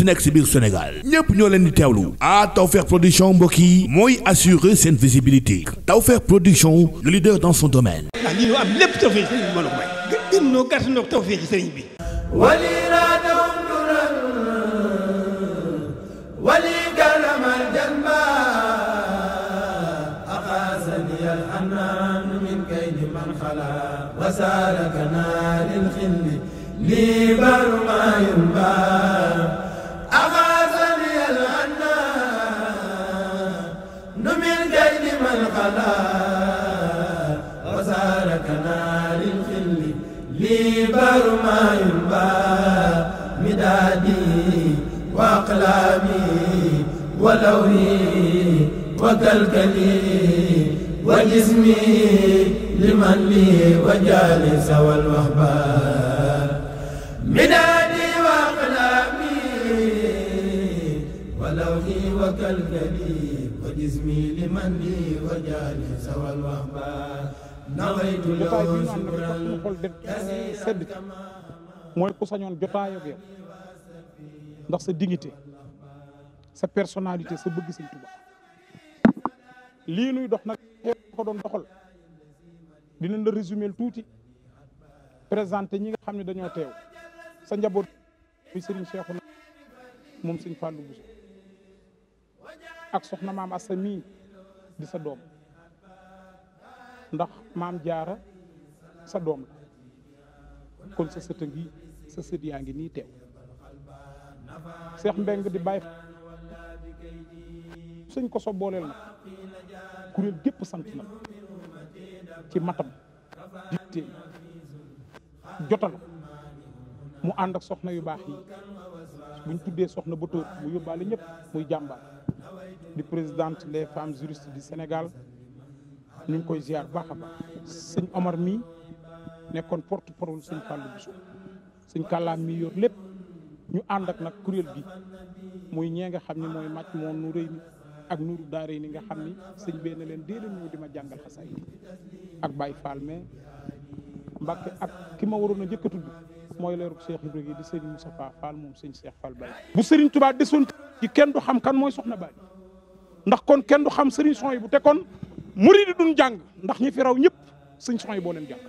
mënti nekk si biir Sénégal ñépp ñoo leen di teewlu ah Tawfekh production mbokk yi mooy assurer seen visibilité Tawfekh production le leader dans ah, lii ñu am لنا وزاركنا للخل ليبر ما ينبى مدادي وأقلامي ولوري وكلكلي وجسمي لمن لي وجالس والوهبة مدادي وأقلامي ولوري وكلكلي ismi mooy ku sañoon jotaayoo ndax sa dignité sa personnalité sa bëgg Sëñ Tuubaa lii dox nag ko doon doxal dinañ la résumer tuuti présenté ñi nga xam ne dañoo teew sa njaboot bi Serigne Cheikhouna moom Serigne ak soxna maam Assa mii di sa doom ndax maam jaara sa doom la kon sa sët a ngi sa sët yaa ngi nii teew Seex Mbeng di bàyyi sëñ ko so booleel na kuréel gépp sant na ci matam jitteem jotal mu ànd ak soxna yu baax yi buñ tuddee soxna ba tóor mu yóbbaale ñëpp muy jàmbaar di présidente les femmes juristes di Sénégal ñu ngi koy ziar baax a baax sëñ Omar mii nekkoon porte parole sëñ Fallou Bissou sëñ kàllaam mi yor lépp ñu ànd nag kuréel gi muy ñee nga xam ne mooy màcc moom nu rëy mi ak nuuru daara ni nga xam ni sëñ bee na leen dee leen ñëw di ma jàngal xasaay ak Baye Fall mais Mbàkke ak ki ma waroon a njëkk a mooy leeru Cheikh Ibra gi di sëriñ Moustapha Fall moom sëñ Cheikh Fall Baye bu sëriñ Touba desoon ci kenn du xam kan mooy soxna Baali ndax kon kenn du xam sëriñ son yi bu te kon muri di duñ jàng ndax ñi fi raw ñëpp sëñ son yi boo jàng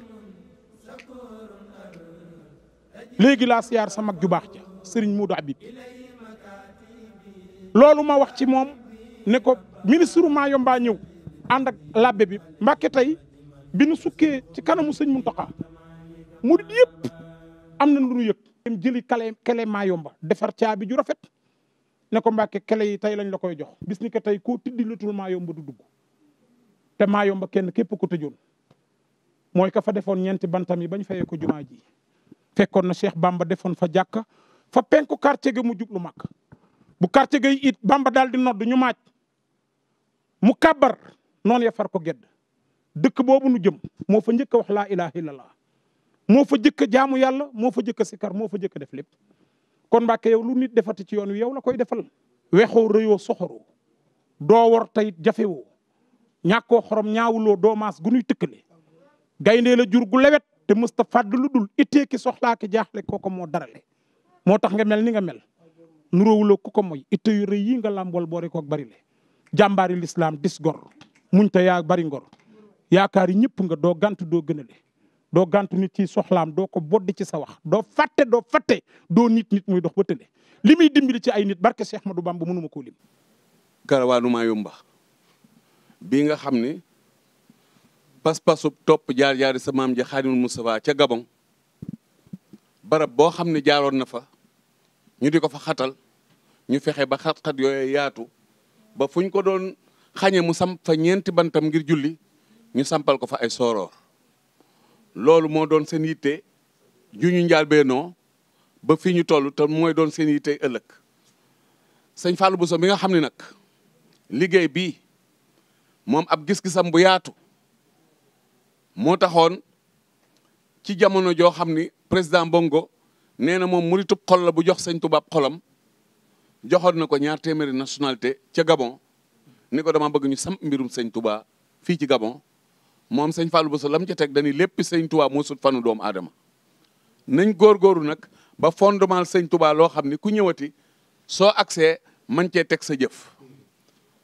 léegi laa siyaar sa mag ju baax ja sëriñ mu Habib loolu ma wax ci moom ne ko ministre Mayomba ñëw ànd ak labbe bi Mbàkke tey bi nu sukkee ci kanamu sëñ mu murid yëpp am na lu ñu yëg dem jëli kale kale maa yomba defar caabi ju rafet ne ko mbàkke kele yi tey lañ la koy jox bis ni que tey koo tiddi lutul maa yomba du dugg te maa yomba kenn képp ko tëjoon mooy ka fa defoon ñeenti bantam yi bañ fayee ko jumaa ji fekkoon na Cheikh Bamba defoon fa jàkka fa penku quartier ga mu jublu mag bu quartier gay it Bamba daal di nodd ñu maaj mu kabar noon ya far ko gedd dëkk boobu nu jëm moo fa njëkk wax laa ilaha la moo fa jëkk a jaamu yàlla moo fa jëkk a sikar moo fa jëkk def lépp kon Mbàkke yow lu nit defati ci yoon wi yow la koy defal wexoo rëyoo soxoroo doo wor tayit jafewoo ñàkkoo xorom ñaawuloo doo maas gu nuy tëkkale gayndee la jur gu lewet te mësta fàdd lu dul ittee ki soxlaa ki jaaxle ko moo darale moo tax nga mel ni nga mel nuróowuloo ku ko moy itte yu yi nga làmbool boore koog bari le jàmbaari lislaam dis gor muñ ta yaa bari ngor yaakaar yi ñëpp nga doo gant doo gëna doo gàntu nit ci soxlaam doo ko boddi ci sa doo fàtte doo fàtte doo nit nit muy dox ba tële li muy dimbali ci ay nit barke Cheikh Ahmadou Bamba mënuma koo lim. Karawaanu Mayumba bii nga xam ne pas-pasu topp jaar jaar sa maam ja Xaadimul Mustafaa ca Gabon barab boo xam ne jaaroon na fa ñu di ko fa xatal ñu fexe ba xat-xat yooyu yaatu ba fuñ ko doon xañe mu samp fa ñeenti bantam ngir julli ñu sampal ko fa ay sooroor. loolu moo doon seen yitte ju ñu njaal beenoo ba fii ñu toll te mooy doon seen yitte ëllëg sëñ bu Bousso mi nga xam ni nag liggéey bi moom ab gis-gisam bu yaatu moo taxoon ci jamono joo xam ni président Bongo nee na moom muritub xol la bu jox sëñ tubaab xolom joxoon na ko ñaar téeméeri nationalité ca Gabon ni ko dama bëgg ñu samp mbirum sëñ Touba fii ci Gabon moom sëñ Fallou Bousso lam ca teg dañuy lépp sëñ Touba moo sut fanu doomu aadama nañ góorgóorlu nag ba fondement sëñ Touba loo xam ne ku ñëwati soo accès man cee teg sa jëf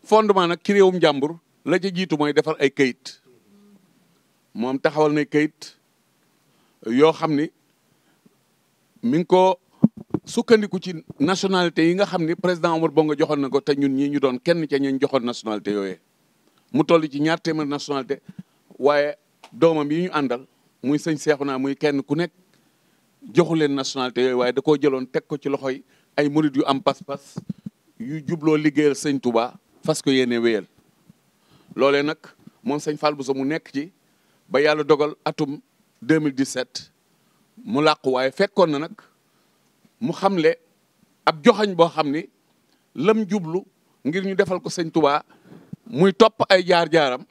fondement nag ci réewum jàmbur la ca jiitu mooy defar ay kayit moom taxawal na kayit yoo xam ni mi ngi ko sukkandiku ci nationalité yi nga xam ni président Omar nga joxoon na ko te ñun ñii ñu doon kenn ca ñeen joxoon nationalité yooyee mu toll ci ñaar téeméer nationalité waaye doomam yi ñu àndal muy sëñ naa muy kenn ku nekk joxu leen nationalité yooyu waaye da koo jëloon teg ko ci loxoy ay murid yu am pas-pas yu jubloo liggéeyal sëñ Touba fas ko yéene wéyal loolee nag moom sëñ bu Bousso mu nekk ci ba yàlla dogal atum 2017 mu làqu waaye fekkoon na nag mu xam le ab joxañ boo xam ni lam jublu ngir ñu defal ko sëñ Touba muy topp ay jaar-jaaram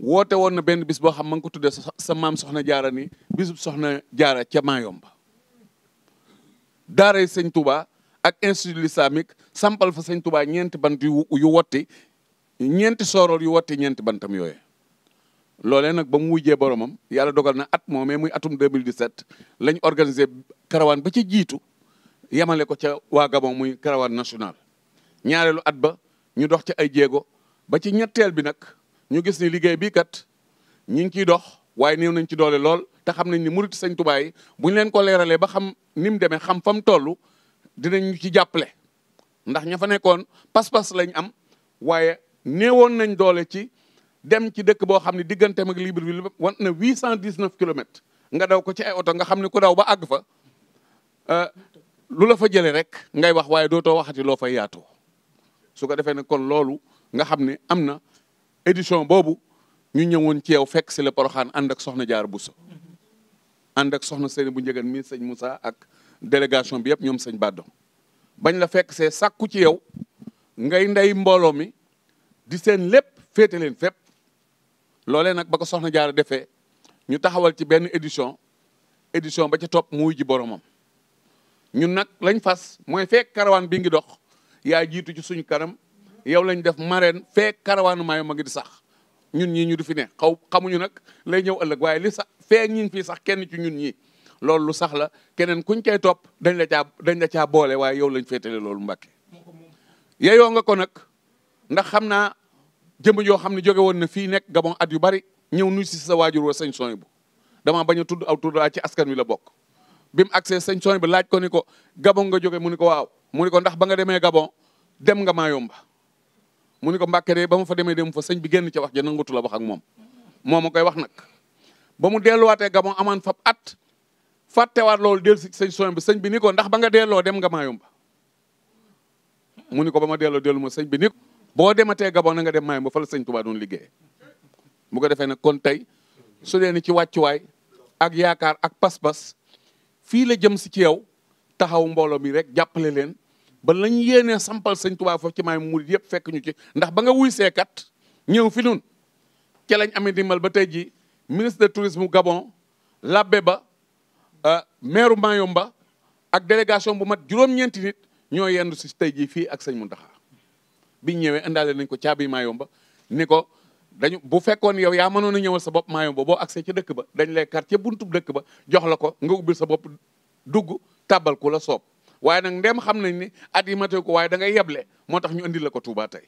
woote woon na benn bis boo xam ma ngi ko tuddee sa maam soxna jaara ni bisub soxna jaara ca Maayomba daaray sëñ Touba ak institut islamique sampal fa sëñ Touba ñeenti bant yu yu wotti ñeenti soorool yu wotti ñeenti bantam yooyu loolee nag ba mu wujjee boromam yàlla dogal na at moomee muy atum 2017 lañ organisé karawaan ba ci jiitu yemale ko ca waa Gabon muy karawaan national ñaareelu at ba ñu dox ci ay jéego ba ci ñetteel bi nag ñu gis ni liggéey bii kat ñi ngi ciy dox waaye néew nañ ci doole lool te xam nañ ni murit sëñ Tuubaa yi bu ñu leen ko leeralee ba xam ni mu demee xam fa mu toll dinañ ci jàppale. ndax ña fa nekkoon pas-pas lañ am waaye néewoon nañ doole ci dem ci dëkk boo xam ne digganteem ak Libreville wan na 819 kilomètres nga daw ko ci ay oto nga xam ne ku daw ba àgg fa. Euh, lu la fa jëlee rek ngay wax waaye dootoo waxati loo fay yaatoo su ko defee ne kon loolu nga xam ne am na édition boobu ñu ñëwoon ci yow fekk si la Porokhane ànd ak soxna Diarra Bousso ànd ak soxna Seyni bu njëgan mi sëñ Moussa ak délégation bi yëpp ñoom sëñ Baddo bañ la fekk see sàkku ci yow ngay ndey mbooloo mi di seen lépp féete leen fépp loolee nag ba ko soxna jaar defee ñu taxawal ci benn édition édition ba ca topp mu wuy ji boromam ñun nag lañ fas mooy fekk karawaan bi ngi dox yaa jiitu ci suñu kanam yow lañ def marraine fee karawaanu maayo ma ngi di sax ñun ñii ñu du fi ne xaw xamuñu nag lay ñëw ëllëg waaye li sax fee ñi fii sax kenn ci ñun ñii loolu lu sax la keneen kuñ cay topp dañ la caa dañ la caa boole waaye yow lañ féetale loolu Mbàkke yeyoo nga ko nag ndax xam naa jëmm yoo xam ne jóge woon na fii nekk Gabon at yu bari ñëw nuy si sa waajur wa sëñ Soñ bu damaa bañ a tudd aw tudd ci askan wi la bokk bi mu agsee sëñ Soñ bi laaj ko ni ko Gabon nga jóge mu ni ko waaw mu ni ko ndax ba nga demee Gabon dem nga Mayumba mu ni ko mbàkke de ba ma fa demee dem fa sëñ bi génn ca wax ja nangutu la wax ak moom moo ma koy wax nag ba mu delluwaatee gabon amaan fab at fàttewaat loolu dellu si sëñ soñ bi sëñ bi ni ndax ba nga delloo dem nga maayomba ni ko ba ma delloo dellu ma sëñ bi ni boo dematee gabon na nga dem maayomba fa la sëñ Tuubaa doon liggéey bu ko defee nag kon tey su dee ci wàccuwaay ak yaakaar ak pas-pas fii la jëm si ci yow taxaw mbooloo bi rek jàpp le leen ba lañ yéenee sampal sëñ Tuubaa foofu ci mu murid yëpp fekk ñu ci ndax ba nga wuy see kat ñëw fi nun ca lañ amee dimbal ba tey ji ministre de tourisme Gabon labbe ba euh, maire Mayumba ak délégation bu mat juróom-ñeenti nit ñoo yendu si tey jii fii ak sëñ ndaxa biñ ñëwee indaale nañ ko caabi Mayumba ni ko dañu bu fekkoon yow yaa mënoon a ñëwal sa bopp Mayumba boo accès ca dëkk ba dañ lay quartier buntub dëkk ba jox la ko nga ubbil sa bopp dugg tàbbal ku la soob waaye nag ndem xam nañ ni at yi matee ko waaye da ngay yeble moo tax ñu indi la ko Touba tey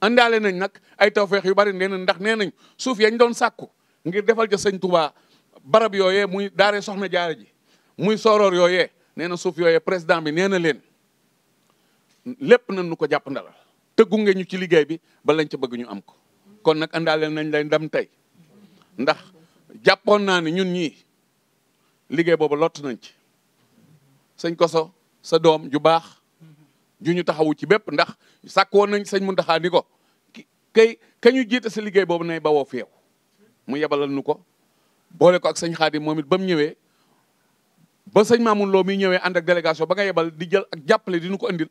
andaale nañ nag ay tawfeex yu bari nee nañ ndax nee nañ suuf yañ doon sàkku ngir defal ca sañ Touba barab yooye muy daaree soxna jaara ji muy sooroor yooyee nee na suuf yooye président bi nee na leen lépp na nu ko jàpp ndalal te gunge ñu ci liggéey bi ba lañ ci bëgg ñu am ko kon nag andaale nañ lay ndam tey ndax jàppoon naa ne ñun ñii liggéey boobu lott nañ ci sëñ Koso sa doom ju baax ju ñu taxawu ci bépp ndax sàkkoon nañ sëñ mun ni ko kay keñu ñu jiite sa liggéey boobu nay bawoo feew mu yebalal nu ko boole ko ak sëñ Xaadim moom it ba mu ñëwee ba sëñ Mamoun Lo mi ñëwee ànd ak délégation ba nga yebal di jël ak jàppale di nu ko andil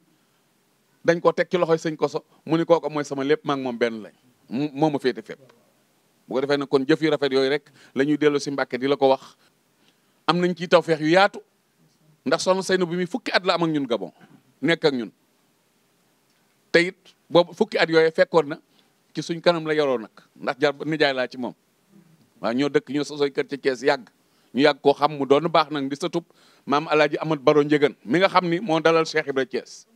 dañ ko teg ci loxoy sëñ Koso mu ni kooku mooy sama lépp maa moom benn lañ moo ma féete fépp bu ko defee nag kon jëf yu rafet yooyu rek lañuy ñuy dellu si Mbàkke di la ko wax am nañ ciy tawfeex yu yaatu ndax soxna Seyna bu mi fukki at la am ak ñun Gabon nekk ak ñun te it boobu fukki at yooyu fekkoon na ci suñ kanam la yoroo nag ndax jar nijaay laa ci moom waaw ñoo dëkk ñoo sosoy kër ci Thiès yàgg ñu yàgg koo xam mu doon baax nag di satub maam alaaji Amat Baro Njëgan mi nga xam ni moo dalal Cheikh Ibra Thiès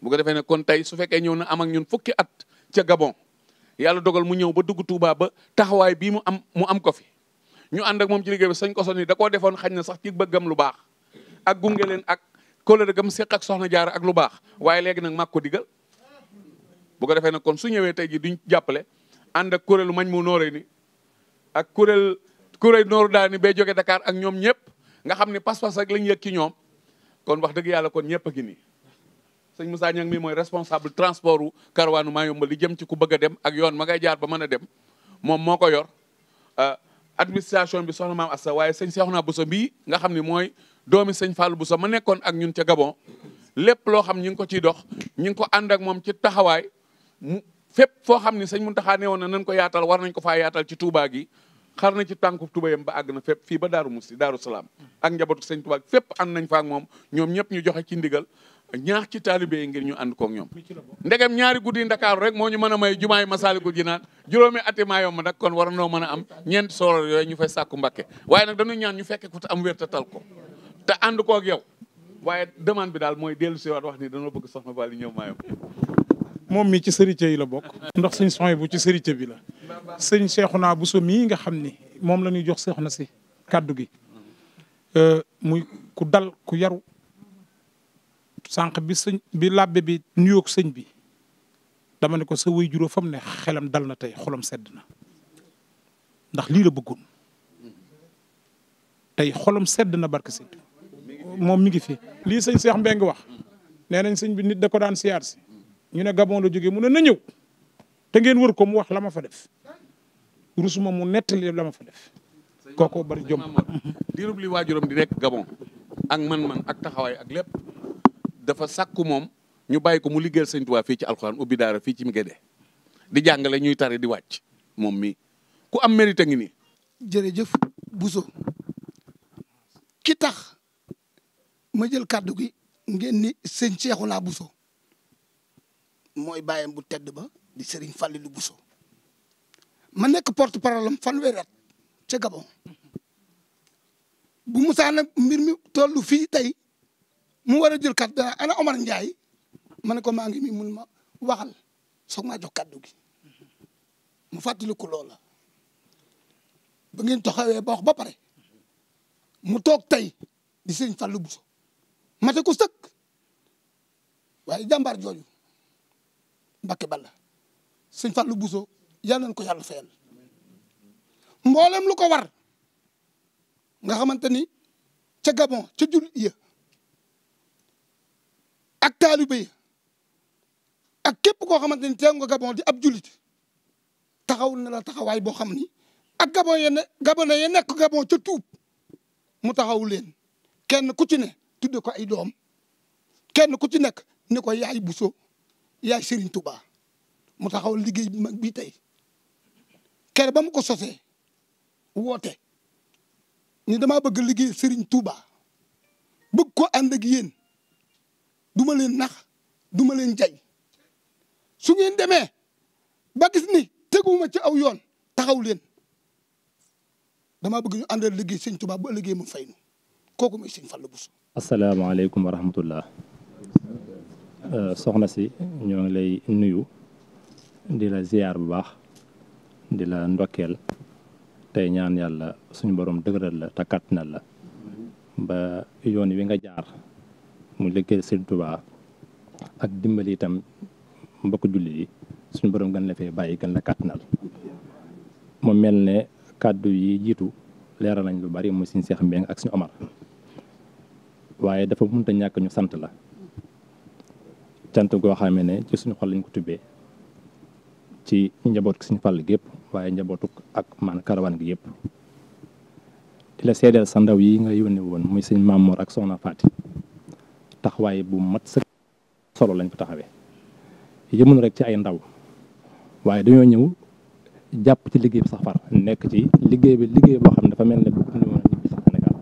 bu ko defee ne kon tey su fekkee ñëw na am ak ñun fukki at ca Gabon yàlla dogal mu ñëw ba dugg Touba ba taxawaay bii mu am mu am ko fi ñu ànd ak moom ci liggéey bi sañ ko sonni da koo defoon xañ na sax ci bëggam lu baax ak gunge leen ak kóllëre gam séq ak soxna jaar ak lu baax waaye léegi nag mag ko digal bu ko defee nag kon su ñëwee tey ji duñ jàppale ànd ak kuréelu mañ mu nooree ni ak kuréel kuréel nooru daal ni bay jóge Dakar ak ñoom ñëpp nga xam ne pas-pas rek lañ yëg ci ñoom kon wax dëgg yàlla kon ñëpp a ngi nii sëñ Moussa Niang mi mooy responsable transport wu karawaanu maa yombal li jëm ci ku bëgg a dem ak yoon ma jaar ba mën a dem moom moo ko yor ah, administration bi soxna maam Assa waaye sëñ Cheikhouna Bousso bii nga xam ni mooy doomi sëñ Fallou Bousso ma nekkoon ak ñun ca Gabon lépp loo xam ñi ngi ko ciy dox ñi ngi ko ànd moom ci taxawaay mu fépp foo xam ne sëñ Mountakha ne woon na nañ ko yaatal war nañ ko faa yaatal ci Touba gi xar na ci tànku tubayam ba àgg na fépp fii ba Daaru Musti Daaru Salaam ak njabootu sëñ Touba fépp ànd nañ fa ak moom ñoom ñëpp ñu joxe ci ndigal ñaax ci taalibe yi ngir ñu ànd koog ñoom ndegem ñaari guddi ndakaaru rek moo ñu mën a may jumaay Masaalikul Jinaan juróomi ati maa yomb nag kon war noo mën a am ñeent sooro yooyu ñu fay sàkku Mbàkke waaye nag dañuy ñaan ñu fekke ku te am wér te tal ko te koog yow waaye demande bi daal mooy dellu si waat wax ni dañoo bëgg soxna Bali ñëw maayom moom mi ci sërite yi la bokk ndax sëñ soxna bu ci sërite bi la sëñ Seexuna Buso mii nga xam ni moom la ñuy jox soxna si kàddu gi euh, muy ku dal ku yaru sànq bi sëñ bi làbbe bi nuyoog sëñ bi dama ne ko sa way juróo fam ne xelam dal na tey xolam sedd na ndax lii la bëggoon tey xolam sedd na barke sëñ moom mi ngi fi lii sëñ Cheikh Mbengue wax nee nañ sëñ bi nit da ko daan siyaar si ñu ne Gabon la jóge mu ne na ñëw te ngeen wër ko mu wax la ma fa def rusuma mu nettali la ma fa def kooku bari jom diirub li waajuram di rek Gabon ak man-man ak taxawaay ak lépp dafa sakku moom ñu bàyyi ko mu liggéeyal sëñ Tuubaa fii ci alxuraan ubbi daara fii ci Ngédé di jàngale ñuy tari di wàcc moom mi ku am mérite ngi nii. jërëjëf Bousso ki tax ma jël kàddu gi ngeen ni sëñ Cheikhouna buso mooy bàyyam bu tedd ba di Serigne Fallilou Bousso ma nekk porte parole am fanweeri at ca Gabon bu Musaa nag mbir mi tollu fii tey mu war a jël kàddu dana ana Omar Ndiaye ma ne ko maa ngi nii mun ma waxal soog maa jox kàddu gi mu fàttaliku loola ba ngeen taxawee ba ba pare mu toog tey di sëñ Fallou Bousso mate ku sëkk waaye jàmbaar jooju Mbacke Balla sëñ Fallou Bousso yàlla nañ ko yàlla fayal mboolem lu ko war nga xamante ni ca Gabon ca jul ya ak taalibe yi ak képp koo xamante ni teew nga Gabon di ab julit taxawul na la taxawaay boo xam ni ak Gabon ya ne Gabon ya nekk Gabon mu taxaw leen kenn ku ci ne tudde ko ay doom kenn ku ci nekk ni ko yaay Bousso yaay Serigne Touba mu taxaw liggéey bi mag bii tey kere ba mu ko sosee woote ni dama bëgg liggéey Serigne Touba bëgg ko ànd yéen du leen nax duma leen jay su ngeen demee ba gis ni teguma ci aw yoon taxaw leen dama bëgg ñu àndal liggéey sëñ Tuubaa bu ëllëgee mu fay nu kooku mooy sëñ Fallu Buso. asalaamaaleykum wa rahmatullah euh, soxna si ñoo ngi lay nuyu di la ziar bu baax di la ndokkeel tey ñaan yàlla suñu borom dëgëral la takkat na la ba yoon wi nga jaar. mu liggéey Sëriñ Tuubaa ak dimbali itam mbokk jullit yi suñu borom gën la fee bàyyi gën la kàttanal mu mel ne kàddu yi jiitu leeral nañ lu bari mu suñu Seex Mbeng ak suñu Omar waaye dafa mënta ñàkk ñu sant la cant goo xamee ne ci suñu xol lañ ko tubbee ci njaboot gi suñu fàll gi yëpp waaye njabootuk ak man karawaan gi yëpp di la seedeel sa ndaw yi nga yónnee woon muy sëñ Mamour ak Soxna Faati taxawaay bu mat sëkk solo lañ ko taxawee yëmul rek ci ay ndaw waaye dañoo ñëw jàpp ci liggéey bi sax nekk ci liggéey bi liggéey boo xam ne dafa mel ne bu ñu woon ñibbi sax Sénégal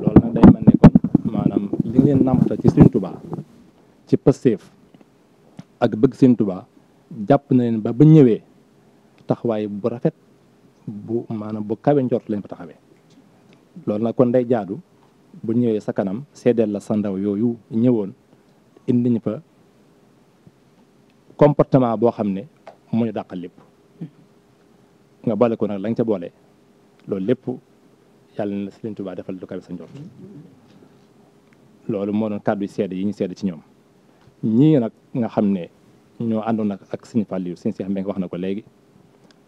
loolu nag day mel ne kon maanaam li ngeen nàmpata ci seen Tuubaa ci Pastef ak bëgg Sëriñ Tuubaa jàpp na leen ba ba ñëwee taxawaay bu rafet bu maanaam bu kawe njort lañ ko taxawee loolu nag kon day jaadu bu ñëwee sa kanam seedeel la sa ndaw yooyu ñëwoon indi ñu fa comportement boo xam ne mu ñu dàqal lépp nga boole ko nag lañ nga ca boole loolu lépp yàlla na si lañ Tuubaa defal du kawe sa njort loolu moo doon kàddu seede yi ñu seede ci ñoom ñii nag nga xam ne ñoo àndoon nag ak Sëriñ Fallu Sëriñ Seex Mbeng wax na ko léegi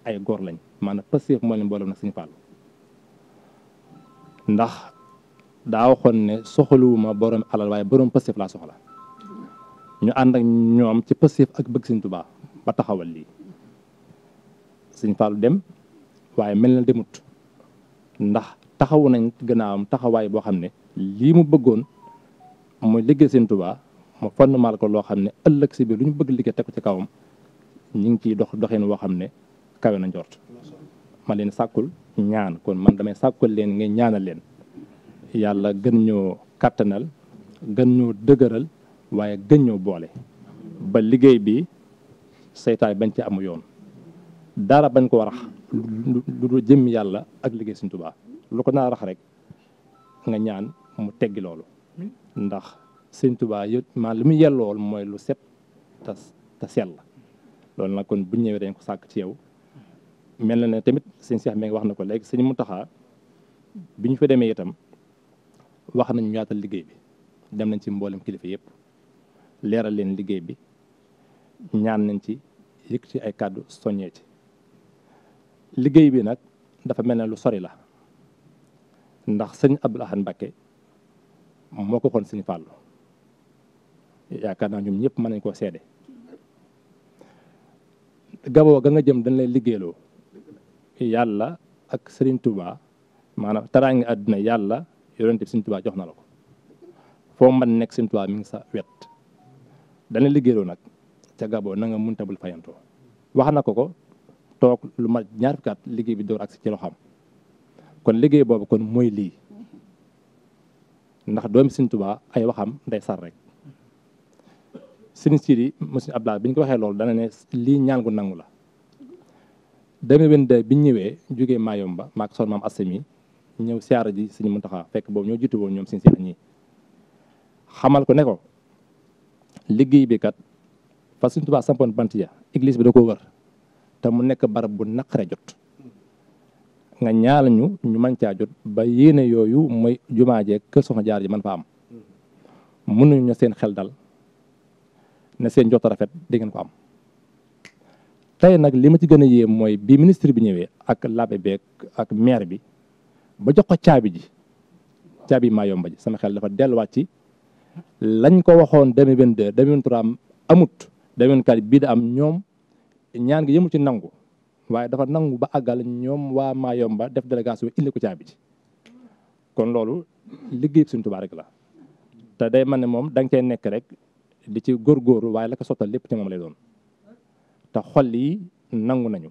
ay góor lañ maanaam passif moo leen boole nag Sëriñ Fallu ndax daa waxoon ne soxaluwuma borom alal waaye borom pëstéef laa soxla ñu ànd ak ñoom ci pëstéef ak bëgg sëñ Tuubaa ba taxawal lii sëñ Fallou dem waaye mel na demut ndax taxawu nañ gannaawam taxawaay boo xam ne lii mu bëggoon muy liggéey sëñ Tuubaa mu fondement ko loo xam ne ëllëg si biir lu ñu bëgg liggéey teg ci kawam ñu ngi ciy dox doxin woo xam ne kawe na njort ma leen sàkkul ñaan kon man damay sàkkul leen ngeen ñaanal leen yàlla gën ñoo kàttanal gën ñoo dëgëral waaye gën ñoo boole ba liggéey bi seytaane bañ ci amu yoon dara bañ ko warax lu dul jëm yàlla ak liggéey Sëñ Tuubaa lu ko naa rax rek nga ñaan mu teggi loolu ndax Sëñ Tuubaa yëpp maa li mu yellool mooy lu set te te sell loolu nag kon bu ñëwee dañ ko sàkk ci yow mel na ne tamit sëñ Cheikh mi ngi wax na ko léegi mu Mountakha bi ñu fa demee itam wax nañu ñaatal liggéey bi dem nañ ci mboolem kilifa yëpp leeral leen liggéey bi ñaan nañ ci yëg ci ay kàddu soññee ci liggéey bi nag dafa mel ne lu sori la ndax sëñ Abdul Ahad Mbàkke moo ko xoon sëñ Fàllu yaakaar naa ñoom ñëpp mën nañ koo seede gaboo ga nga jëm dañ lay liggéeyloo yàlla ak Sëriñ Tuubaa maanaam taraangi àdduna yàlla yonent bi Sëñ jox na la ko foo mën nekk Sëñ Tuubaa mi ngi sa wet dana liggéeyloo nag ca Gabon na nga mun tabul fayantoo wax na ko ko toog lu ma ñaar fukki at liggéey bi door ak si ci loxoom kon liggéey boobu kon mooy lii ndax doomi Sëñ Tuubaa ay waxam nday sar rek sëñ Sidi monsieur Abdoulaye bi ñu ko waxee loolu dana ne lii ñaan gu nangu la 2022 bi ñu ñëwee jógee Mayomba maak son maam Assemi ñu ñëw siyaara ji sëñ Muntaxa fekk boobu ñoo jiitu woon ñoom sëñ Seex ñii xamal ko ne ko liggéey bi kat fa sëñ Tuubaa sampoon bant ya église bi da ko wër te mu nekk barab bu naqare jot nga ñaala ñu ñu mën caa jot ba yéene yooyu mooy jumaa jee kër soxna jaar ji man fa am mënuñu ne seen xel dal na seen jot rafet di ngeen ko am tey nag li ma ci gën a yéem mooy bi ministre bi ñëwee ak labé beeg ak maire bi ba jox ko caabi ji caabi maa yomba ji sama xel dafa delluwaat ci lañ ko waxoon 2022 2023 amut 2024 bii da am ñoom ñaan gi yëmu ci nangu waaye dafa nangu ba àggal ñoom waa maa yomba def délégation indi ko caabi ji kon loolu liggéey suñ tubaa rek la te day man ne moom da nga nekk rek di ci góor góorgóorlu waaye la ko sottal lépp ci moom lay doon te xol yi nangu nañu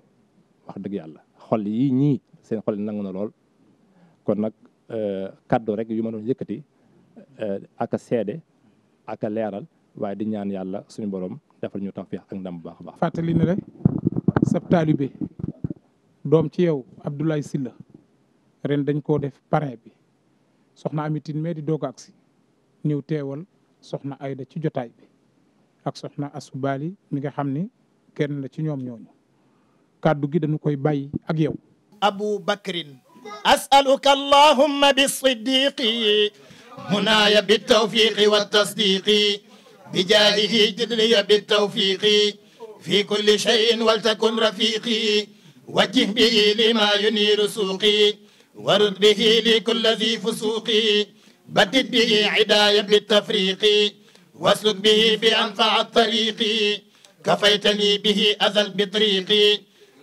wax dëgg yàlla xol yi ñii seen xol yi nangu na lool kon nag euh, kaddu rek yu ma doon yëkkati euh, ak seede ak leeral waaye di ñaan yàlla suñu borom defal ñu tawfiix ak ndam bu baax baax. fàttali ne rek sab doom ci yow Abdoulaye Sylla ren dañ koo def parrain bi soxna Amitine mais di ak si ñëw teewal soxna Ayda ci jotaay bi ak soxna Asubali mi nga xam ni kenn la ci ñoom ñooñu kàddu gi dañu koy bay ak yow. Abu Bakrin. أسألك اللهم بالصديق هنايا بالتوفيق والتصديق بجاهه جدلي بالتوفيق في كل شيء ولتكن رفيقي وجه به لما ينير سوقي ورد به لكل ذي فسوقي بدد به عدايا بالتفريق واسلك به بأنفع الطريق كفيتني به أذل بطريقي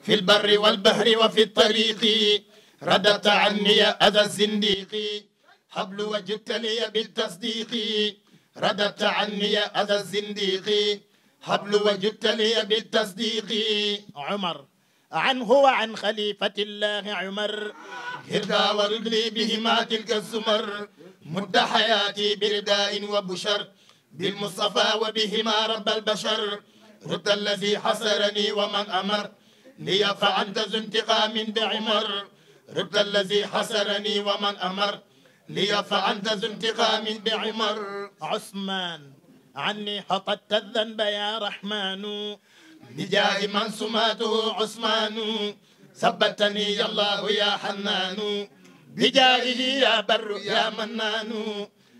في البر والبحر وفي الطريق رددت عني أذى الزنديق حبل وجدت لي بالتصديق رددت عني أذى الزنديق حبل وجدت لي بالتصديق عمر عنه وعن خليفة الله عمر هردا ورجلي بهما تلك الزمر مد حياتي برداء وبشر بالمصطفى وبهما رب البشر رد الذي حصرني ومن أمر لي فأنت ذو انتقام بعمر رد الذي حسرني ومن أمر لي فأنت ذو انتقام بعمر عثمان عني حطت الذنب يا رحمن بجاه من سماته عثمان ثبتني يا الله يا حنان بجاهه يا بر يا منان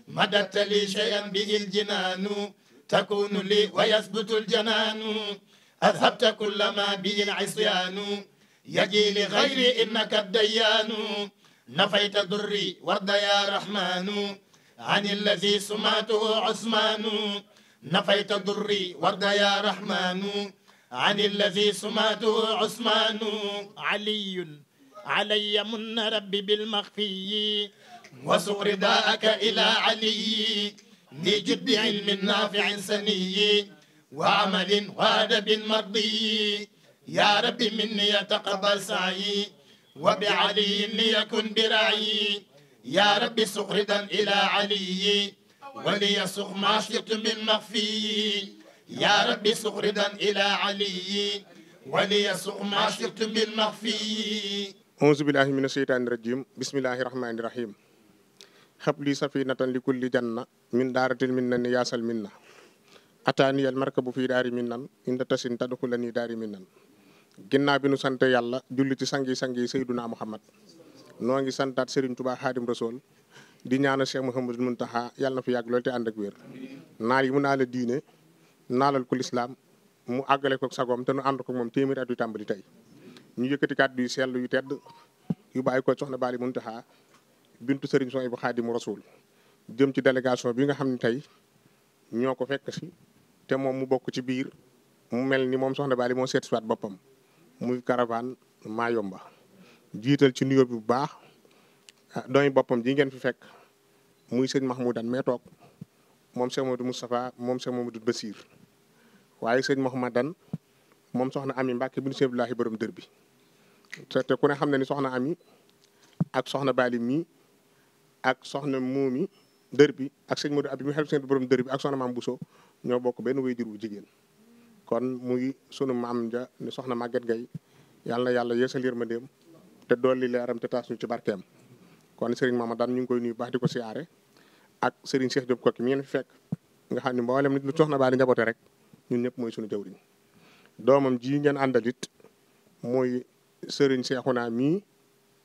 مددت لي شيئا به الجنان تكون لي ويثبت الجنان أذهبت كل ما به العصيان يجي لغيري إنك الديان نفيت ضري وارض يا رحمن عن الذي سمعته عثمان نفيت ضري وارض يا رحمن عن الذي سمعته عثمان علي علي من ربي بالمخفي وسق رداءك إلى علي لجد علم نافع سني وعمل وادب مرضي يا رب مني تقبل سعي وبعلي ليكن برعي يا رب سخردا إلى علي وليسخ ما شئت من مخفي يا رب سخردا إلى علي وليسخ ما شئت من مخفي أعوذ بالله من الشيطان الرجيم بسم الله الرحمن الرحيم هب لي سفينة لكل جنة من دارة المنن ياسل منا أتاني المركب في دار منن إن تسن تدخلني دار منن ginnaaw bi nu sant yàlla julli ci sangi sangi naa muhammad noo ngi santaat Serigne Touba Xaadim Rasool di ñaanal Cheikh Mouhamadou Mountakha yàlla na fi yàgg loolu te ànd ak wér naar yi mu naa la diine naalal ko lislaam mu àggale ko sagoom te nu ànd ko moom téeméeri at yu tàmbali tey ñu yëkkati kàddu yu sell yu tedd yu bàyyi ko soxna mun Mountakha bintu Serigne Souhaïbou Xaadim Rasool jëm ci délégation bi nga xam ne tey ñoo ko fekk si te moom mu bokk ci biir mu mel ni moom soxna Bali moo seet si waat boppam muy caravane Mayumba jiital ci nuyoo bi bu baax ah, doy boppam ji ngeen fi fekk muy sëñ Mahmoudane mee toog moom sëñ Mamadou Moustapha moom sëñ Mamadou Basir waaye max sëñ Mahmoudane moom soxna Ami Mbacke bu ñu sëñ Abdoulahi borom dër bi te ku ne xam na ni soxna Ami ak soxna Bali mi ak soxna Moomi dër bi ak sëñ Modou Abi mi xel seen borom dër bi ak soxna Maam Bousso ñoo bokk benn wéy jur bu jigéen kon muy sunu maam ja ni soxna Maguette Gueye yàlla na yàlla ma yërmandeem te dolli leeram te taas ñu ci barkeem kon Serigne Mamadane ñu ngi koy nuyu baax di ko ak Serigne Cheikh Diop kooku mi fekk nga xam ne mboolem nit lu soxna Baali njaboote rek ñun ñëpp mooy sunu jawriñ doomam ji ngeen àndal it mooy Serigne Cheikhouna mii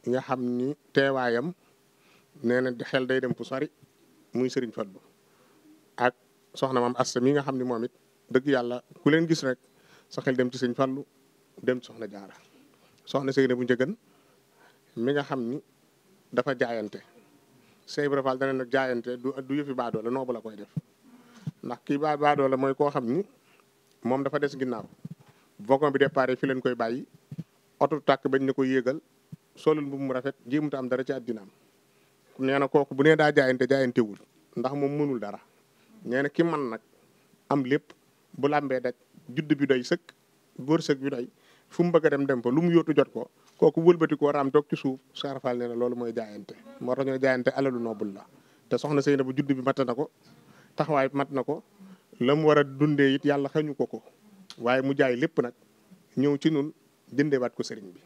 nga xam ni teewaayam nee na xel day dem fu sori muy Serigne Fallou ak soxna maam Assa mi nga xam ni moom it. dëgg yàlla ku leen gis rek sa xel dem ci sëñ Fallou dem soxna jaara soxna Seyna bu njëgan mi nga xam ni dafa jaayante Sey Ibra Fall dana jaayante du du yëfi la noobu la koy def ndax kii baa la mooy koo xam ni moom dafa des ginnaaw wagon bi départ fi leen koy bàyyi oto tàkk bañ ne ko yéegal solul bu mu rafet jéemut am dara ci àddinaam nee na kooku bu nee daa jaayante jaayantewul ndax moom mënul dara nee na ki man nag am lépp bu làmbee dek judd bi doy sëkk góor sëkk bi doy fu mu bëgg a dem dem fa lu mu yóotu jot ko kooku wëlbati ko raam toog ci suuf saarafal ne na loolu mooy jaayante moo tax ñoo jaayante alalu noobul la te soxna sëy na bu judd bi mat na ko taxawaay mat na ko la mu war a dundee it yàlla xañu ko ko waaye mu jaay lépp nag ñëw ci nun jëndeewaat ko sëriñ bi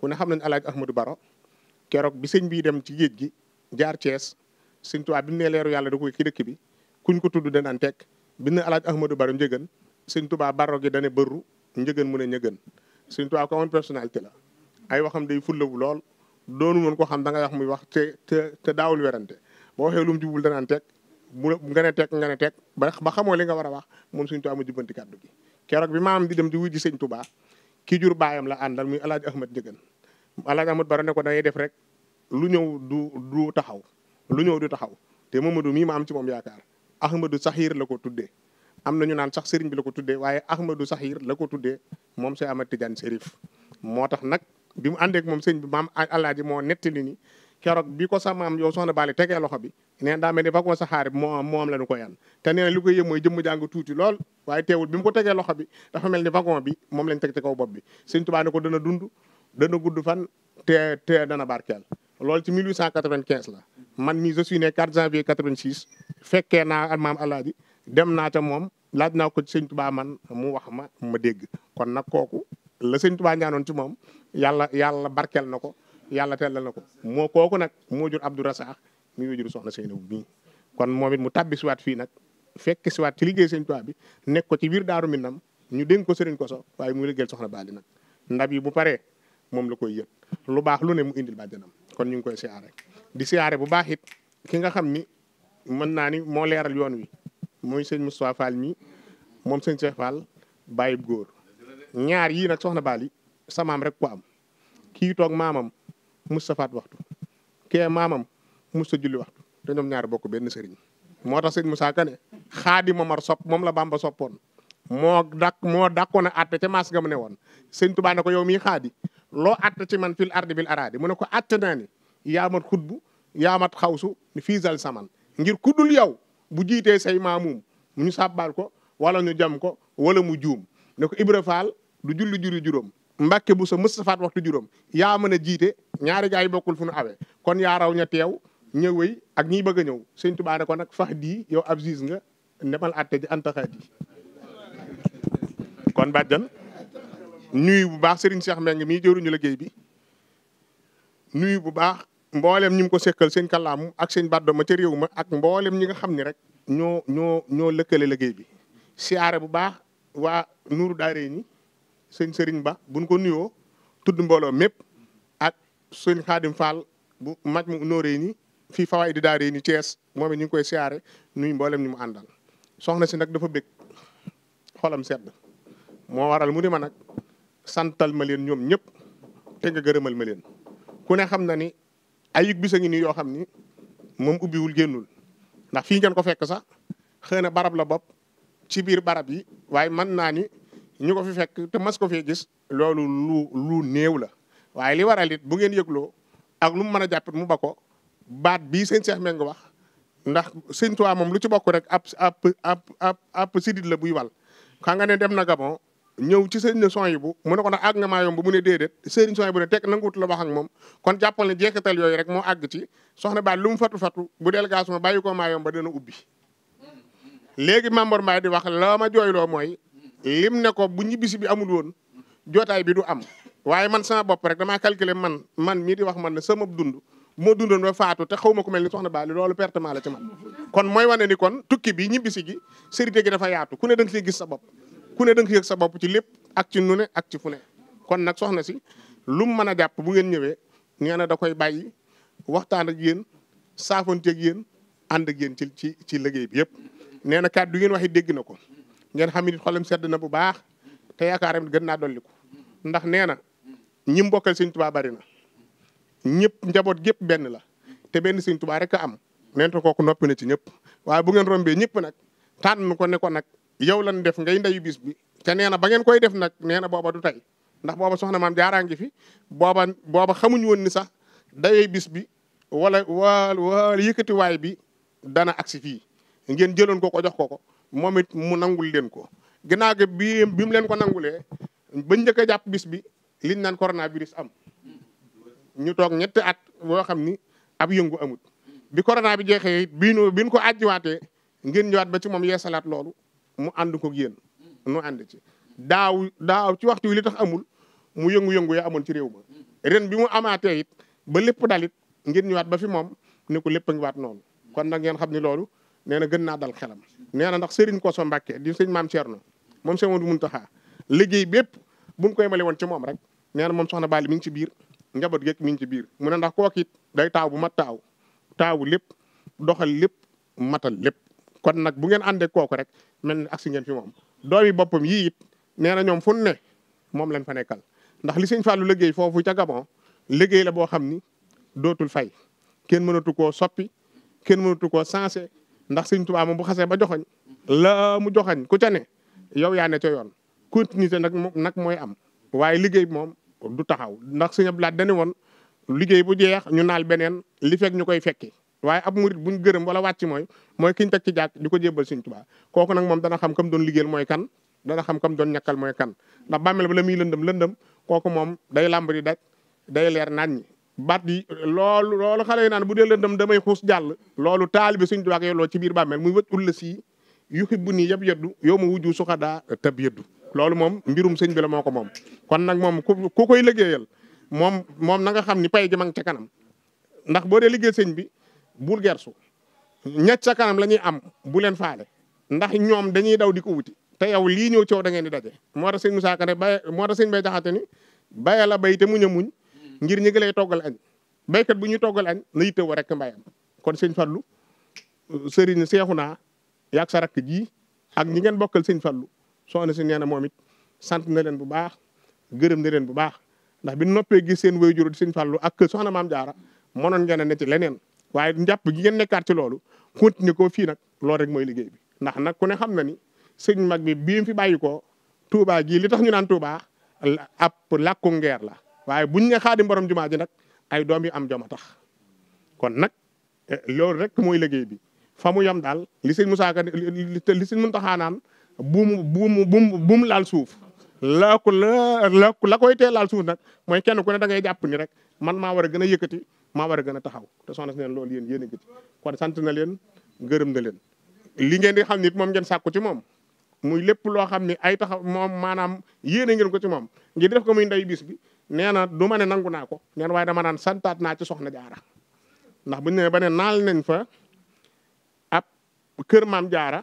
ku ne xam nañ alaaj Ahmadou Baro keroog bi sëñ bii dem ci géej gi jaar Cees Sëñ Tuubaa bi mu nee leeru yàlla da koy ki dëkk bi kuñ ko tudd danaan tekk bi ne alaaj ahmadou baro njëgën sëñ tubaa baro gi dane bëru njëgën mu ne ñëgën sëñ tubaa ko amoon personnalité la ay waxam day fullawu lool doonu mën ko xam da ngay wax muy wax te te te daawul werante boo waxee lu mu jubul danaan teg mu nga ne teg nga teg ba ba xamoo li nga war a wax moom sëñ tubaa mu jubbanti kàddu gi keroog bi maam di dem di wuy ji sëñ tubaa ki jur baayam la àndal muy alaaj ahmad njëgën alaaj ahmad baro ne ko dangay def rek lu ñëw du du taxaw lu ñëw du taxaw te moom Mamadou mii ma am ci moom yaakaar ahmadou sahir la ko tuddee am na ñu naan sax sëriñ bi la ko tuddee waaye ahmadou sahir la ko tuddee moom Cheikh Ahmad Tidiane Chérif moo tax nag bi mu àndeek moom sëriñ bi maam alaaji moo nettali ni keroog bi ko sa maam yow soxna Bali tegee loxo bi neen daa mel ni fa ko sa moo am moo am la ko yan te nee lu li ko yëm mooy jëmm jàng tuuti lool waaye teewul bi mu ko tegee loxo bi dafa mel ni wagon bi moom lañ teg ci kaw bopp bi sëriñ Tuubaa ko dana dund dana gudd fan te te dana barkeel loolu ci mil 1895 la man mii je suis né 4 janvier 86 fekkee naa maam alaaji dem naa ca moom laaj naa ko ci sëñ Tuubaa man mu wax ma ma dégg kon nag kooku la sëñ Tuubaa ñaanoon ci moom yàlla yàlla barkeel na ko yàlla tellal na ko moo kooku nag moo jur Abdou Rassakh mi ngi jur soxna Seynabou mii kon moom it mu tàbbi siwaat fii nag fekk siwaat ci liggéey sëñ Tuubaa bi nekk ko ci biir daaru Minam ñu dénk ko sëriñ Koso waaye mu liggéeyal soxna Baali nag ndab yi bu paree moom la koy yëg lu baax lu ne mu indil bàjjanam kon ñu ngi si siyaare di siyaare bu baax it ki nga xam ni mën naa ni moo leeral yoon wi mooy sëñ Moustapha Fall mi moom sëñ Cheikh Fall bàyyib góor ñaar yii nag soxna baali samaam rek ko am kii toog maamam Moustapha waxtu kee maamam Moustapha julli waxtu te ñoom ñaar bokk benn sëriñ moo tax sëñ Moussa Kane xaadi Momar sop moom la Bamba soppoon moo dak moo dakkoon a àtte ca maas nga mu ne woon sëñ Tuubaa ne ko yow mii xaadi loo att ci man fil ardi bil araadi mu ne ko att naa ni yaamat xutbu yaamat xawsu ni fiisal saman ngir kuddul yow bu jiitee say maamuum mu ñu sàbbaal ko wala ñu jam ko wala mu juum ne ko Ibra Faal du julli julli juróom Mbàkke bu sa Mustafaa waxtu juróom yaa mën a jiite ñaari gaa yi bokkul fu nu awee kon yaa raw ña teew ñëwéy ak ñiy bëgg a ñëw sëñ Tuubaa ne ko nag fax di yow ab gis nga ndemal atte ji antaxaat yi kon bàjjan nuyu bu baax Serigne Cheikh Mbengue mii jëruñu liggéey bi nuyu bu baax mboolem ñi mu ko sekkal seen kàllaamu ak seen bàddo ma ca réew ma ak mboolem ñi nga xam ne rek ñoo ñoo ñoo lëkkale liggéey bi. siyaare bu baax waa Nuuru Daare ñi sëñ Serigne Ba buñ ko nuyoo tudd mbooloo mépp ak sëñ Xaadim Fall bu maj mu nooree ñi fii fawaay di Daare ñi Thiès moom ñu ngi koy siyaare nuyu mboolem ñu mu àndal soxna si nag dafa bëgg xolam sedd moo waral mu ma nag. santal ma leen ñoom ñëpp te nga gërëmal ma leen ku ne xam na ni ay yëg bis ngi nii yoo xam ni moom ubbiwul génnul ndax fii ngeen ko fekk sax xëy na barab la bopp ci biir barab yi waaye mën naa ni ñu ko fi fekk te mas ko fee gis loolu lu lu néew la waaye li waral it bu ngeen yëgloo ak lu mu mën a jàppit mu ba ko baat bii sëñ Cheikh Meng wax ndax sëñ Tuubaa moom lu ci bokk rek ab ab ab ab sidit la buy wal xam nga ne dem na Gabon ñëw ci sëriñ bu mu ne ko ndax ag nga maa yomb mu ne déedéet sëriñ Souhaïbou ne tekk nanguwut la wax ak moom kon jàppal ne jeexital yooyu rek moo àgg ci soxna baat lu mu fatu fatu bu del ma bàyyi ko maa yomb ba dana ubbi léegi Mamor Mbaye di wax la ma jooyloo mooy lim ne ko bu ñibbisi bi amul woon jootaay bi du am waaye man sama bopp rek damaa calculer man man mii di wax man ne sama dund moo dundan ba faatu te xaw ma ku mel ni soxna Baali loolu pertement la man kon mooy wane ni kon tukki bi ñibbisi gi sérité gi dafa yaatu ku ne da nga gis sa bopp ku ne dang nga yëg sa bopp ci lépp ak ci nu ne ak ci fu kon nag soxna si lu mu mën a jàpp bu ngeen ñëwee nee na da koy bàyyi waxtaan ak yéen saafante jeg yéen ànd ak yéen ci ci ci liggéey bi yëpp. nee na kàddu yéen waxi dégg na ko ngeen xam ni xolam sedd na bu baax te yaakaaram gën naa dolliku ndax nee na ñi mbokkal sëñ Tuubaa bari na ñëpp njaboot gépp benn la te benn sëñ Tuubaa rek a am. neen te kooku noppi na ci ñëpp waaye bu ngeen rombee ñëpp nag tànn ko ne ko nag. yow lan def ngay ndeyu bis bi te nee na ba ngeen koy def nag nee na booba du tey ndax booba soxna maam jaaraa ngi fi booba booba xamuñ woon ni sax dayey bis bi wala wa wala bi dana agsi fii ngeen jëloon ko ko jox ko ko moom it mu nangul leen ko ginnaaw gi bi bi mu leen ko nangulee ba njëkk a jàpp bis bi liñ naan coronavirus am ñu toog ñetti at boo xam ni ab yëngu amut bi corona bi jeexee it bii nu biñ ko àjjiwaatee ngeen ñëwaat ba ci moom salaat loolu mu ànd ko yéen nu ànd ci daaw daaw ci waxtu wi li tax amul mu yëngu-yëngu ya amoon ci réew ma ren bi mu amaatee it ba lépp dalit ngeen ñëwaat ba fi moom ni ko lépp a ngi waat noonu kon nag ngeen xam ne loolu nee na gën naa dal xelam nee na ndax Serigne Kosso Mbacke di sëñ maam Thierno moom sëñ Modou Mountakha liggéey bépp buñ koy male woon ci moom rek nee na moom soxna Bally mi ngi ci biir njaboot geek mi ngi ci biir mu ne ndax kooku it day taaw bu mat taaw taawu lépp doxal lépp matal lépp kon nag bu ngeen àndee kooku rek mel ni agsi ngeen fi moom doomi boppam yii it nee na ñoom fu ne moom lañ fa nekkal ndax li sëñ Fallou liggéey foofu ca Gabon liggéey la boo xam ni dootul fay kenn mënatu koo soppi kenn mënatu ko sancé ndax sëñ Tuubaa bu xasee ba joxoñ la mu joxoñ ku cane yow yaa ne ca yoon continuité nag nag mooy am waaye liggéey moom du taxaw ndax sëñ Abdou de dañu woon liggéey bu jeex ñu naal beneen li fekk ñu koy fekki waaye ab murit buñ gërëm wala wàcc mooy mooy kiñ teg ci jàkk di ko jébbal Sëriñ Tuubaa kooku nag moom dana xam kam doon liggéeyal mooy kan dana xam kam doon ñakkal mooy kan ndax bàmmeel ba la muy lëndëm lëndëm kooku moom day làmb di daj day leer nañ ñi bat yi loolu loolu xale yi naan bu dee lëndëm damay xuus jàll loolu taalibe Sëriñ Tuubaa yow loolu ci biir bàmmeel muy wëccul la sii yu xibbu nii yëpp yëddu yow ma wujju suxadaa tab yëddu loolu moom mbirum sëñ bi la moo ko moom kon nag moom ku koy liggéeyal moom moom na nga xam ni pay gi ma ngi ca kanam ndax boo dee liggéey sëñ bi bul gersu ñett ca kanam la ñuy am bu leen faale ndax ñoom dañuy daw di ko wuti te yow lii ñëw coow da ngeen di daje moo tax sëñ mu Ka ne bay moo tax sëñ bay jaxate ni bàyyi la bay te muñ a muñ ngir ñi ngi lay toggal añ béykat bu ñu toggal añ na yittewoo rek mbayam kon sëñ Fallou sëriñ seexu naa yaag sa rakk ji ak ñi ngeen bokkal sëñ Fallou soxna si nee na moom it sant na leen bu baax gërëm na leen bu baax ndax bi noppee gis seen wéyjur di sëñ Fallou ak soxna maam jaara mënoon ngeen a ne ci leneen waaye njàpp gi ngeen nekkaat ci loolu continuer ko fii nag loolu rek mooy liggéey bi ndax nag ku ne xam na ni sëñ mag bi bi fi bàyyi ko Touba gii li tax ñu naan Touba ab làkku ngeer la waaye buñ ne xaadim borom jumaa ji nag ay doom yi am joma tax kon nag eh, loolu rek mooy liggéey bi fa mu yem daal li sëñ Moussa Ka li sëñ Mountakha naan buum buum buum buum laal suuf la ko la la koy tee laal suuf nag mooy kenn ku ne da ngay jàpp ni rek man maa war a gën a yëkkati maa war a gën a taxaw te soxna si neen loolu yéen yéen a ngi ci kon sant na leen gërëm na leen li ngeen di xam nit moom ngeen sàkku ci moom muy lépp loo xam ne ay taxaw moom maanaam yéene ngeen ko ci moom ngir def ko muy ndey bis bi nee na du ne nangu naa ko neen waaye dama naan santaat naa ci soxna jaara ndax bu ñu ba ne naal nañ fa ab kër maam jaara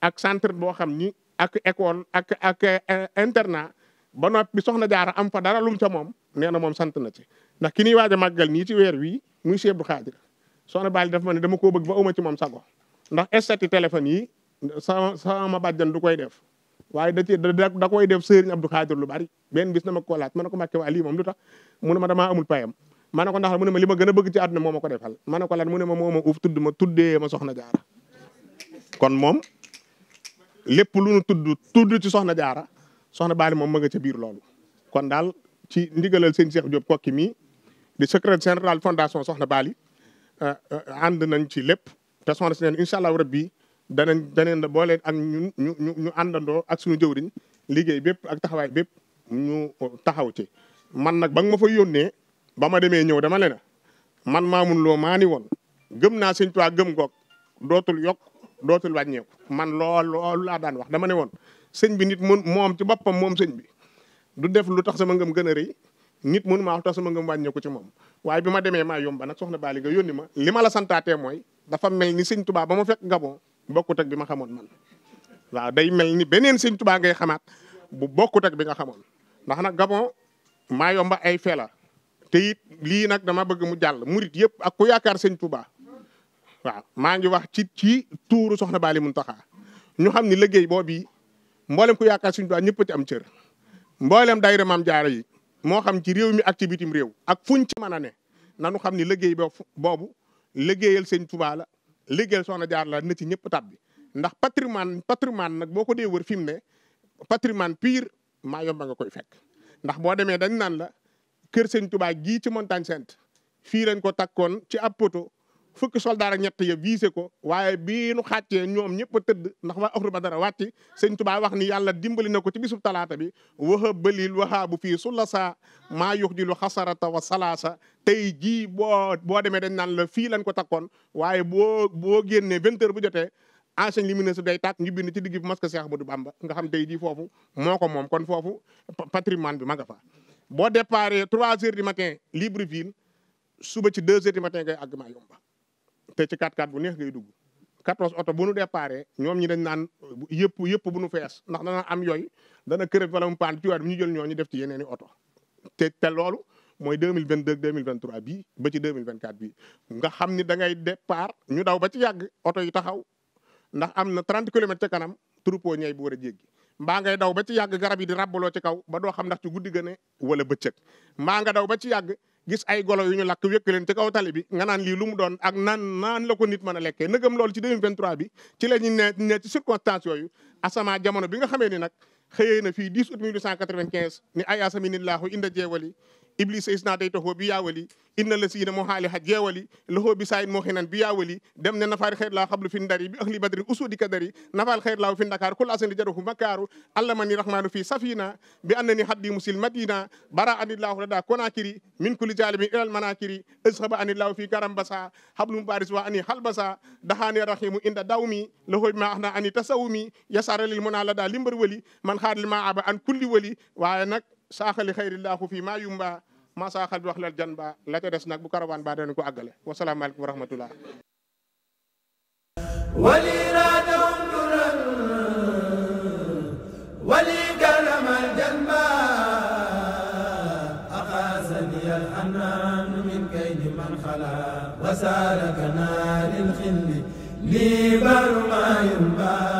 ak centre boo xam ni ak école ak ak eh, internat ba bi soxna jaara am fa dara lum ca moom nee na moom sant na ci ndax ki ñuy waaj a màggal nii ci weer wii muy Cheikh Abdou Khadir soxna Bally daf ma ne dama ko bëgg ba uma ci moom sago ndax estati téléphone yi sama sama bàjjan du koy def waaye da cee da koy def sëriñ Abdou Khadir lu bari benn bis na ma ko laaj ma ne ko màkke waa lii mom lu tax mu ne ma damaa amul payam ma ko ndax mu ma li ma gën bëgg ci àdduna moo ma ko defal ma ne ko lan mu ne ma moo ma uuf tudd ma tuddee ma soxna jaara kon moom lépp lu nu tudd tudd ci soxna jaara soxna Bally moom ma nga biir loolu kon daal ci ndigalal sëñ Cheikh Diop kokki mi di secrétaire général fondation Soxna baali euh, euh, ànd nañ ci lépp te soxna si neen incha allah rabbi danañ danañ la boole ak ñun ñu ñu ñu àndandoo ak suñu jëwriñ liggéey bépp ak taxawaay bépp ñu euh, taxaw ci. man nag ba ma fa yónnee ba ma demee ñëw dama leen man Mamoune Lo maa ni woon gëm naa Sëñ Tuubaa gëm goog dootul yokk dootul wàññeeku man lool loolu laa daan wax dama ne woon sëñ bi nit moom ci boppam moom sëñ bi du def lu tax sama ngëm gën a rëy nit mënu maa wax tax sama ngëm ko ci moom waaye bi ma demee maa yomba nag soxna baali nga yónni ma li ma la santaatee mooy dafa mel ni sëñ tubaa ba ma fekk Gabon bokkut ak bi ma xamoon man waaw day mel ni beneen sëñ tubaa ngay xamaat bu bokkut ak bi nga xamoon ndax nag Gabon maa yomba ay fela te it lii nag dama bëgg mu jàll murit yëpp ak ku yaakaar sëñ tubaa waaw maa ngi wax ci ci tuuru soxna Bali taxaa ñu xam ni liggéey boobu mboolem ku yaakaar sëñ tubaa ñëpp ci am cër mboolem daayira maam jaara yi moo xam ci réew mi ak réew ak fuñ ci mën a ne nanu xam ni liggéey boobu liggéeyal sëñ Tuubaa la liggéeyal Soxna jaar la na ci ñëpp tab bi ndax patrimoine patrimoine nag boo ko dee wër fi mu ne patrimoine piir maa yomba nga koy fekk ndax boo demee dañ naan la kër sëñ tubaa gii ci Montagne Sainte fii lañ ko takkoon ci ab fukki soldaar ak ñett ya viisé ko waaye bii nu xàccee ñoom ñëpp tëdd ndax waa axru dara wàcci sëñ tubaa wax ni yàlla dimbali na ko ci bisub talaata bi waxa balil waxaa bu fii sulla saa maa yux ji lu ta wa salaasa tey jii boo boo demee dañ naan la fii lañ ko takkoon waaye boo boo génnee vingt heures bu jotee enseigne li ministre day tàkk ñu bind ci digg bi masque Cheikh Ahmadou Bamba nga xam tey jii foofu moo ko moom kon foofu patrimoine bi ma nga fa boo départ trois heures du matin Libreville suba ci deux heures du matin ngay àgg maa te ci 4 x bu neex ngay dugg 14 oto bu nu déparé ñoom ñi dañ naan yëpp yëpp bu nu fees ndax dana am yooyu dana kërëb wala mu paan ci weer bi ñu jël ñoo ñu def ci yeneen oto te te loolu mooy mille vingt 2022 2023 bii ba ci 2024 bii nga xam ni da ngay départ ñu daw ba ci yàgg oto yi taxaw ndax am na 30 kilomètres ca kanam troupeau ñay bu war a jéggi mbaa ngay daw ba ci yàgg garab yi di rabbaloo ci kaw ba doo xam ndax ci guddi gëne wala bëccëg mbaa nga daw ba ci yàgg gis ay golo yu ñu lakk wékk leen ci kaw tali bi nga naan lii mu doon ak naan naan la nit mën a lekkee nëgëm loolu ci 2023 bi ci la ñu ne circonstance yooyu asama jamono bi nga xamee ni nag xëyee na fii 10 août 1895 ni ay asaminillaahu inda jeewali iblisa isna day tohoo bi yaawali inna la siina moo haali ha jeewali lohoo bi sayin moo xenan bi yaawali dem ne nafaari xeer laa xablu fin dari bi ahli badri usudi ka dari nafaal xeer laaw fin dakar kul asani jarohu makaaru allamani rahmanu fi safina bi annani haddi musil madina bara anillahu lada konakiri min kulli jalibi ilal manakiri ashaba anillahu fi karam basa hablu mubaris wa ani halbasa dahani rahimu inda dawmi lohoo bi saaxali xayrillaahu fii maa yumba maa saaxal bi wax lal jan ba la ca des nag bu karawaan ba dañu ko àggale wasalaamaaleykum wa rahmatullah وسالك نار الخل لي بر ما ينبغي